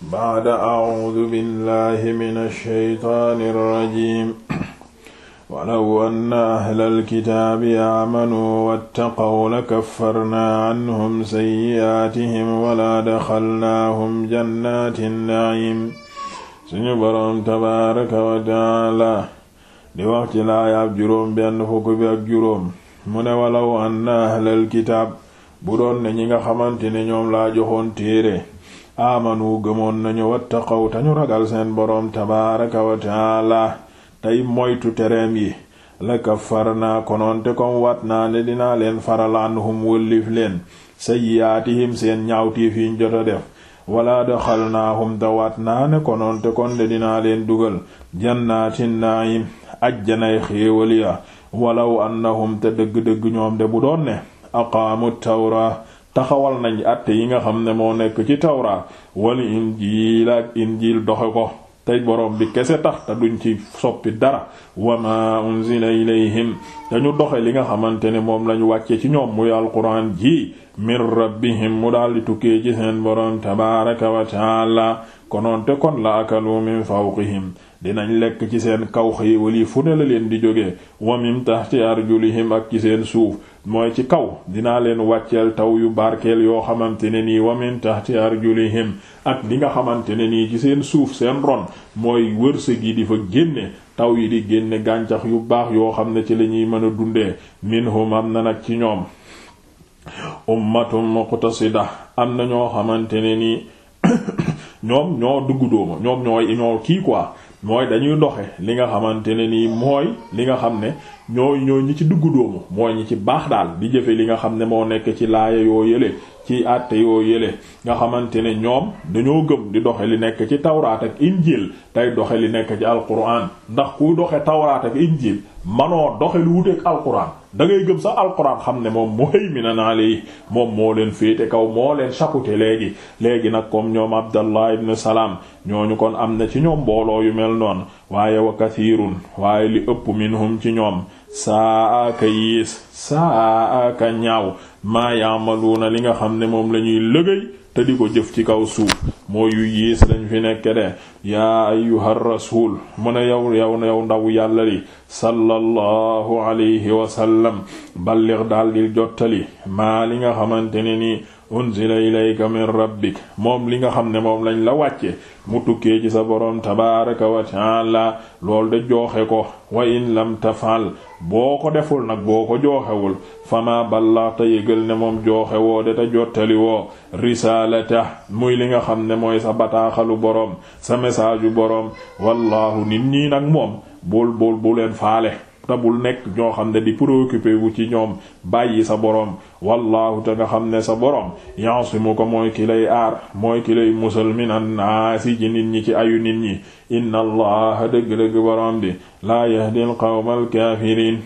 baada acuudu billahi min alsheytaani alrajim walaw anna ahla alkitaabi aamanuu wattaqaw lakaffarnaa canhum sayyi'aatihim wala daxalnaahum jannaati nnaciim suñu boroom tabaaraka wa tacaala di wax ci laayaab juróom benn fukk bi ak juróom mu ne walaw anna ahla alkitaab bu doon ne ñi nga xamante ne ñoom laa joxoon téere amanu gëmoon nañu wat wattaqaw tañu ragal seen boroom tabaaraka wa taala tey moytu tereem yi la kaffarnaa konoonte kom waat naa ne dinaa leen faral anhum wëllif leen sayyiaatihim seen ñaawtiif yiñ jota def wala daxalnaahum te waat naa ne konoonte kon de dinaa leen dugal jannaatin naayim ajjanay xéewal ya walaw annahum te dëgg-dëgg ñoom de bu doon ne tawra taxawal nañ atte yi nga xam ne moo nekk ci tawraat wala injiil ak injiil doxe ko tey boroom bi kese tax te duñ ci soppi dara wama unzila ilayhim dañu doxe li nga xamante ne moom lañu wàccee ci ñoom muy alquran ji min rabbihim mu daldi tukkee ci seen boroom tabaraka wa taala konoonte kon la akalu min fawqihim dinañ lekk ci seen kaw xéewal yi fu ne la leen di jógee wa min tahti arjulihim ak ci seen suuf mooy ci kaw dinaa leen wàcceel taw yu barkeel yoo xamante ne nii wa min tahti arjulihim ak li nga xamante ne nii ci seen suuf seen ron mooy wërsëg yi di fa génne taw yi di génne gàncax yu baax yoo xam ne ci la ñuy mën a dundee minhum am na nag ci ñoom ummatun muqtasida am na ñoo xamante ne nii ñoom ñoo dugg dóoma ñoom ñooy ñoo kii quoi mooy dañuy doxe li nga xamante ne nii mooy li nga xam ne ñooy ñooy ñi ci dugg doomu mooy ñi ci baax daal di jëfe li nga xam ne moo nekk ci laaya yoo yële ci àtte yoo yële nga xamante ne ñoom dañoo gëm di doxe li nekk ci tawraat ak injil tey doxe li nekk ci alquran ndax ku doxe tawraat ak injil manoo doxe lu wuteeg alquran da ngay gëm sax alquran xam ne moom mu muhayminan alayhi moom moo leen fii féete kaw moo leen chapeauté léegi léegi nag comme ñoom abdallah ibn salaam ñooñu kon am na ci ñoom mbooloo yu mel noonu waaye wa kathirun waaye li ëpp minhum ci ñoom saa aka yées saa aka ñaaw maa na li nga xam ne moom la ñuy lëgëy te di ko jëf ci kaw suuf moo yu yées lañ fi nekk de yaa ayyuhar rasul mu ne yow yow yow ndaw yàlla li sallallahu alayhi wa sallam balligh daal di jottali maa li nga xamante ne nii unzila ilayka min rabbik moom li nga xam ne moom lañ la wàcce mu tukkee ci sa boroom tabaaraka wa taala loolu de jooxe ko wa in lam tafal boo ko deful nag boo ko jooxewul fama ballaxta yëgal ne moom jooxe woo de te jottali woo risaalata muy li nga xam ne mooy sa bataaxalu boroom sa message yu boroom wallaahu nit ñi nag moom bul bul bu leen faale tabul nekk ñoo xam ne di préoccupé wu ci ñoom bàyyi sa boroom wallaahu te nga xam ne sa borom yansimuka mooy ki lay aar mooy ki lay musal minan naasi ci nit ñi ci ayu nit ñi inna allaha dëgg-dëgg borom bi laa yahdi al qawma al kaafiriin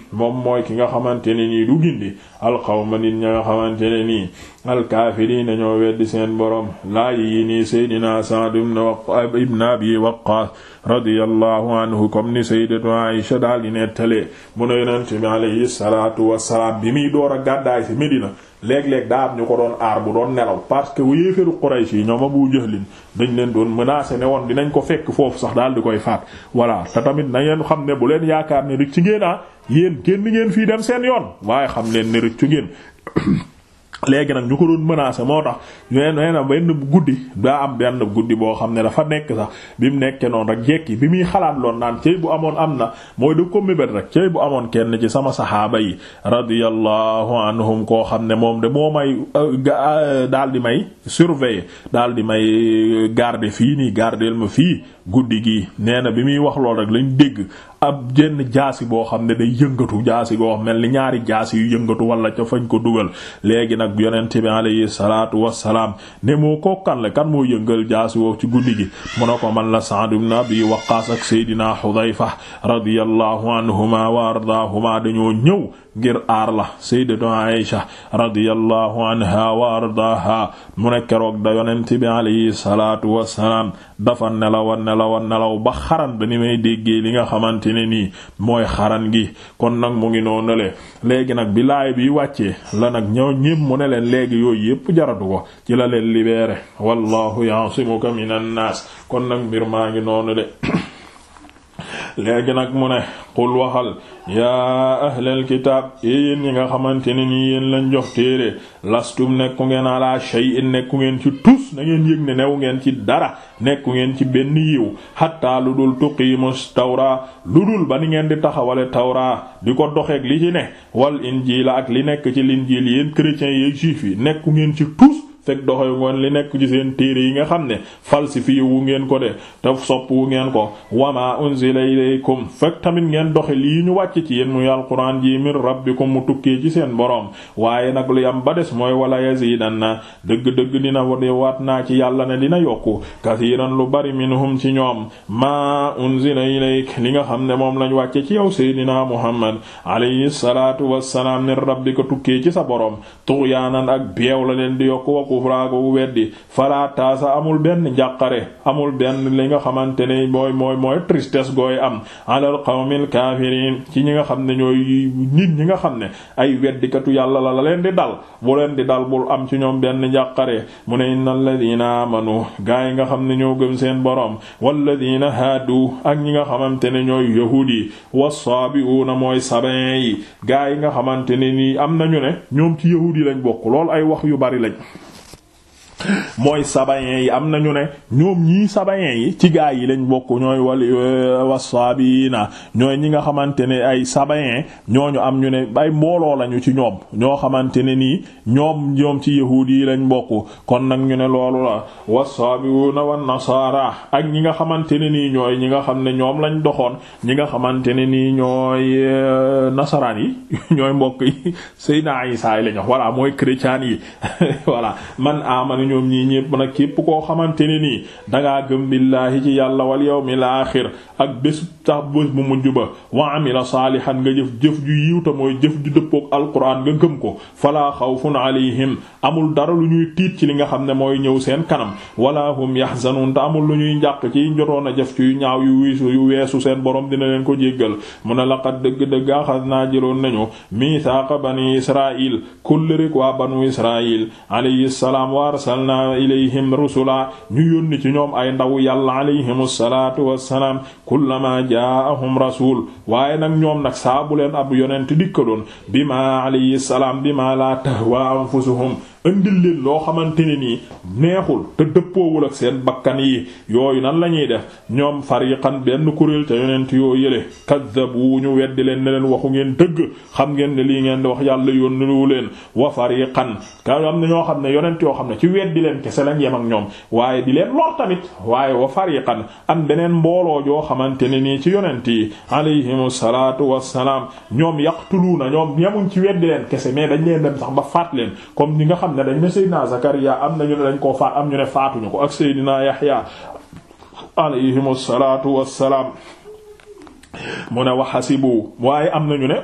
ki nga xamante ne nii du gindi al qawma nit ña nga xamante ne nii al kaafiriin ñoo weddi seen borom laa yi nii seydina Sa'd ibn Abi Waqqaas radiyallahu anhu comme ni sayyidatu Aisha daal di nettalee mu ne yonent bi alayhi salaatu wassalaam bi muy door a gàddaay ci Medina Medina léeg-léeg daa am ñu ko doon aar bu doon nelaw parce que yéeféru Quraysh yi ñoom Abu Jahlin dañ leen doon menacé ne woon dinañ ko fekk foofu sax daal di koy faat voilà te tamit na ngeen xam ne bu leen yaakaar ne rëcc ngeen ah yéen génn ngeen fii dem seen yoon waaye xam leen ne rëccu ngeen léegi nag ñu ko doon menacé moo tax nee na benn bu guddi daa am benn guddi boo xam ne dafa nekk sax bi mu nekkee noonu rek jekki bi muy xalaat loon naan cëy bu amoon am na mooy da ko mébét rek cëy bu amoon kenn ci sama saxaaba yi radiyallahu anhum koo xam ne moom de moo may euh, euh, daal di may surveiller daal di may euh, garder fii nii garder ma fii guddi gi nee na bi muy wax lool rek lañ dégg ab jenn jaasi boo xam ne day yëngatu jaasi goo xam mel ni ñaari jaasi yu yëngatu wala ca fañ ko dugal léegi nag yonent bi alayhi salaatu wassalaam ne moo ko kan la kan moo yëngal jaasi woo ci guddi gi mu ne ko man la Sa'd ibn Abi Waqqaas ak Seydina Hudayfa radiyallahu anhuma wa ardaahuma dañoo ñëw ngir aar la Sayyidatu Aisha radiyallahu anha wa ardaaha mu ne keroog da yonent bi alayhi salaatu wassalaam dafa nelaw a nelaw a nelaw ba xaran ba ni may déggee li nga xamante ne nii mooy xaran gi kon nag mu ngi noonu le léegi nag bi laay bi wàccee la nag ñëw ñépp mu ne leen léegi yooyu yépp jaratu ko ci la leen libéré wallahu ya'simuka minan nas kon nag mbir maa ngi noonu le léegi nag mu ne qul waxal yaa ahlal kitaab yéen ñi nga xamante ne nii yéen lañ jox téere lastum nekku ngeen ala shay'in nekku ngeen ci tus na ngeen yëg ne new ngeen ci dara nekku ngeen ci benn yiw hatta lu dul yi tuqiimus tawra lu dul ba ni ngeen di taxawale tawra di ko doxeek li ci ne wal la ak li nekk ci linjiil yéen chrétiens yi juif yi nekku ngeen ci tus teg doxee ngoon li nekk ci seen téere yi nga xam ne falsifié wu ngeen ko de te sopp wu ngeen ko wama unzila ilaykum fekk tamit ngeen doxe lii ñu wàcc ci yéen muy alquran ji min rabbikum mu tukkee ci seen boroom waaye nag lu yam ba des mooy wala yazidanna dëgg-dëgg dina wade waat naa ci yàlla ne dina yokku kasiiran lu bari minhum ci ñoom ma yi ilayk li nga xam ne moom lañ wàcce ci yow seydina muhammad alayhi salaatu wassalaam min rabbika tukkee ci sa boroom tuxyaanan ak beew la leen di yokku waku kufra googu weddi falaa taasa amul benn njàqare amul benn li nga xamante ne mooy mooy mooy tristesse gooy am alal qawmil kaafiriin ci ñi nga xam ne ñooy nit ñi nga xam ne ay weddikatu yàlla la la leen di dal bu leen di dal bul am ci ñoom benn njàqare mu ne innal ladina amanu gaa yi nga xam ne ñoo gëm seen borom walladina haadu ak ñi nga xamante ne ñooy yahuud yi na mooy sabain yi gaa yi nga xamante ne nii am nañu ne ñoom ci yahuud yi lañ bokk lool ay wax yu bari lañ mooy sabayen yi am na ñu ne ñoom ñii sabayen yi ci gaa yi lañ bokk ñooy wal euh, wasaabiina ñooy ñi nga xamante ne ay sabayen ñooñu am ñu ne bay mbooloo lañu ci ñoom ñoo xamante ne nii ñoom ñoom ci yahuud yi lañ bokk kon nag ñu ne loolu la wasaabiuna wan nasaara ak ñi nga xamante ne nii ñooy ñi nga xam ne ñoom lañ doxoon ñi nga xamante ne nii ñooy euh, nasaraan yi ñooy mbokk yi Seydina Isaa lañu wax mooy chrétien yi voilà man amanu ñoom ñii ñépp nag képp koo xamante ne nii dangaa gëm billaahi ci yàlla wal yawmil aaxir ak bés tax bés bu mujj ba wa amila saalihan nga jëf jëf ju yiw ta mooy jëf ju dëppook alquran nga gëm ko falaa xawfun alayhim amul dara lu ñuy tiit ci li nga xam ne mooy ñëw seen kanam wala hum yahzanun ta amul lu ñuy njàq ci jotoon a jëf ci ñaaw yu wiisu yu weesu seen boroom dina leen ko jéggal mu la laqad dëgg dëgg axadnaa jëloon nañu miisaaqa bani israil kullirik waa banu israil arsalna ilayhim rusula ñu yónni ci ñoom ay ndaw yàlla alayhim salaatu wassalaam kullama jaahum rasul waaye nag ñoom nag saa bu leen ab yonent dikkaloon bi ma alayhi salaam bi ma la tahwa anfusuhum indil leen loo xamante ne nii neexul te dëppoowul ak seen bakkan yi yooyu nan la ñuy def ñoom fariqan benn kuréel ca yonent yoo yële kaddabu ñu weddi leen ne leen waxu ngeen dëgg xam ngeen ne lii ngeen di wax yàlla yónniwu leen wa fariqan ka am na ñoo xam ne yonent yoo xam ne ci weddi leen kese lañ yem ak ñoom waaye di leen lor tamit waaye wa fariqan am beneen mbooloo joo xamante ne nii ci yonent yi alayhimu salaatu wassalaam ñoom yaqtuluuna ñoom yemuñ ci weddi kese mais dañ leen dem sax ba faat na ne dañ ne Zakariya am na ñu ne dañ koo faat am ñu faatuñu ko ak Seydina Yahya alayhimu salaatu wassalaam mu ne wax waxasibu waaye am nañu ne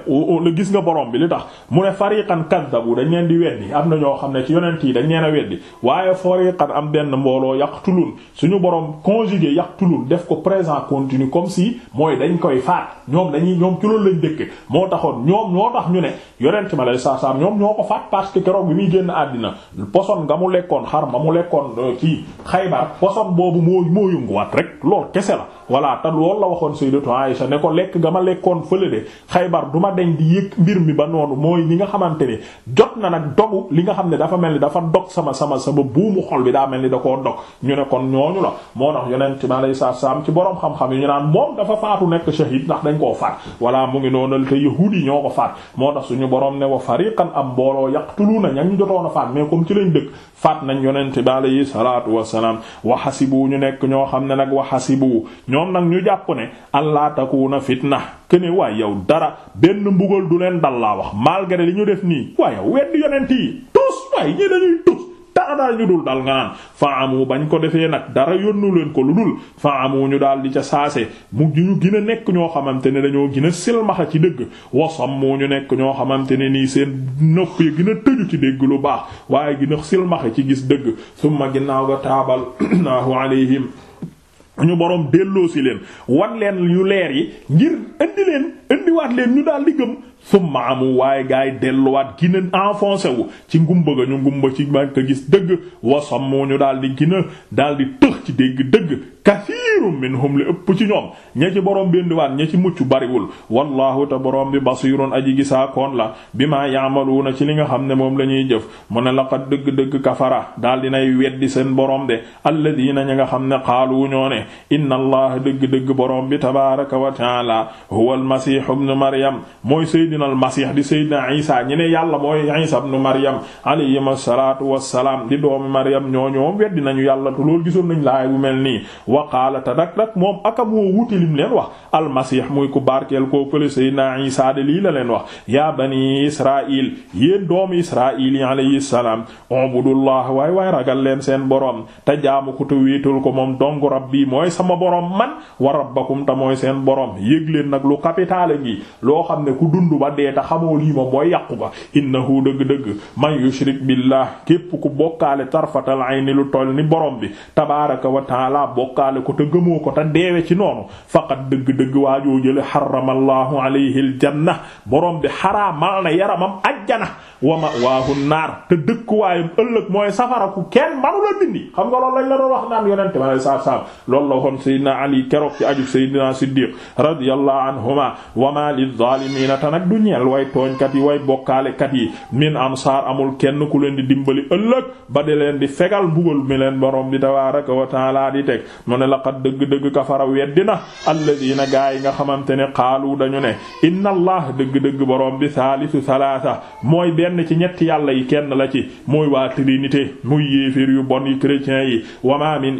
la gis nga borom bi li tax mu ne fariqan kaddabu dañ leen di weddi am na ñoo xam ne ci yonent yi dañ leen a weddi waaye fariqan am benn mbooloo yàq yaqtulun suñu borom conjugué yaqtulun def ko présent continue comme si mooy dañ koy faat ñoom dañuy ñoom ci loolu lañ dëkk moo taxoon ñoom ñoo tax ñu ne yonent ma lay saa saam ñoom ñoo ko faat parce que keroog bi muy génn àddina poson nga mu lekkoon xar ma mu lekkoon euh, kii Xaybar poson boobu moo moo yënguwaat rek lool kese la voilà te loolu la waxoon sayyidatu Aisha ne ko lekk ga ma lekkoon fële de Xaybar du ma deñ di yëg mbir mi ba noonu mooy li nga xamante ne jot na nag dogu li nga xam ne dafa mel ni dafa dog sama sama sama buumu xol bi daa mel ni da koo dog ñu ne ñooñu la moo tax yonent mi alayhi salaam ci borom xam yi ñu naan moom dafa faatu nekk shahid ndax dañ koo faat voilà mu ngi noonal te ko faat moo suñu borom ne wa fariqan am mbooloo yaqtuluuna ña ñu jotoon a faat mais comme ci lañ dëkk faat nañ yonent bi alayhi salaatu wassalaam wa hasibu ñu nekk ñoo xam ne nag wa hasibu ñoom nag ñu jàpp ne allah takuuna fitna këne waay yow dara benn mbugal du leen dal laa wax malgré li ñu def nii waay yow weddi yonent yi tus waay ñi dañuy tus dara daal ñu dul dal nga naan fa amu bañ ko defee nag dara yónnu leen ko lu dul fa amu ñu daal di ca saase mu ñu gën nekk ñoo xamante ne dañoo gën a silmaxa ci dëgg wasam moo ñu nekk ñoo xamante ne nii seen nopp yi gën tëju ci dégg lu baax waaye gën a silmaxa ci gis dëgg summa ginnaaw ga taabal ñu boroom delloosi leen wan leen yu leer yi ngir indi leen indiwaat leen ñu daal di gëm summa amu waaye gaay yi delluwaat gina enfoncé wu ci ngumba ga ñu ngumba ci man ko gis dëgg wasammu ñu daal di gina daal di tëx ci dégg dëgg kathiirun minhum li ëpp ci ñoom ña borom bi indiwaat ña ci mucc bariwul wallahu te borom bi basiirun aji gisaa koon la bi ma maa na ci li nga xam ne moom lañuy ñuy jëf mu ne laqad dëgg-dëgg kafara daal dinay weddi seen borom de alladina ña nga xam ne xaalu ñoo ne inna allah dëgg-dëgg borom bi tabaraka wa taala huwal masih almasih ibnu maryam mooy seydina almasih di seydina isa ñi ne yàlla mooy isa ibnu maryam alayhim asalatu wassalaam di doomi maryam ñoo ñoom weddi nañu yàlla te loolu gisoon nañ laay bu mel nii wa qaala te dak dak moom aka moo wuti lim leen wax almasih muy ku kel ko fële seydina isa de lii la leen wax ya bani israil yéen doomi israil yi alayhi salaam ubudullah waay waay ragal leen seen boroom te jaamu ko te ko moom dong rabbi mooy sama boroom man wa rabbakum ta la ngi loo xam ne ku dund ba dee ta xamoo lii moo mooy yàqu ba innahu dëgg-dëgg man yushrik billah képp ku bokkaale tarfatal ayni lu toll ni borom bi tabaraka wa taala bokkaale ko te gëmoo ko te deewe ci noonu faqat dëgg-dëgg waajoo jële xaramallahu alayhi al janna borom bi xaraamal na yaramam ajjana wa mawaahu naar te dëkkuwaayam ëllëg mooy safara ku kenn manu la dindi xam nga loolu lañ la doon wax naan yonente ma lay saab saab la waxoon sayyidina ali keroog ci aju sayyidina wama lizaalimiina te nag du ñeel way tooñkat yi way bokkaalekat yi min ansaar amul kenn ku leen di dimbali ëllëg ba di leen di fegal mbugal mi leen borom bi tabaaraka wa taala di teg mu ne la laqad dëgg-dëgg kafara weddina alladiina gaa yi nga xamante ne xaalu dañu ne inna allah dëgg-dëgg borom bi saalisu salaasa mooy benn ci ñetti yàlla yi kenn la ci mooy waa trinité muy yéeféer yu bon yi chrétiens yi wama min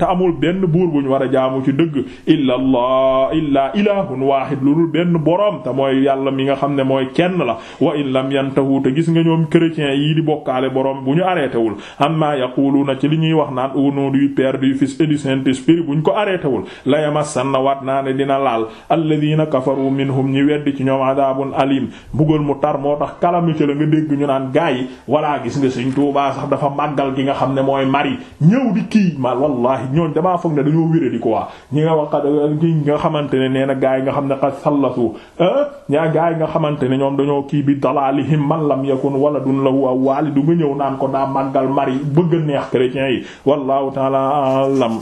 te amul benn buur bu ñu war a jaamu ci dëgg illa allah illaa ilahun waahid lu dul benn boroom te mooy yàlla mi nga xam ne mooy kenn la wa in lam yantahu te gis nga ñoom chrétiens yii di bokkaale boroom bu ñu arrêté wul amma na ci li ñuy wax naan au nom du Père du Fils et du saint bu ñu ko arrêté wul la yamassanna waat naa ne dina laal alladhina kafaru minhum ñi weddi ci ñoom adabun alim bugal mu tar moo tax calamité la nga dégg ñu naan gaay yi walaa gis nga Sëriñ Tuubaa sax dafa màggal gi nga xam ne mooy mari ñëw ñooñ damaa foog ne dañoo wéré di quoi ñi nga wax ñi nga xamante ne nee na gaa yi nga xam ne xad sallasu ah, ñaa gaa yi nga xamante ne ñoom dañoo kii bi dalalihim man lam yakun waladun lahu aw waalidu nga ñëw naan ko daa màggal mari bëgg a neex chrétiens yi wallahu ta'ala alam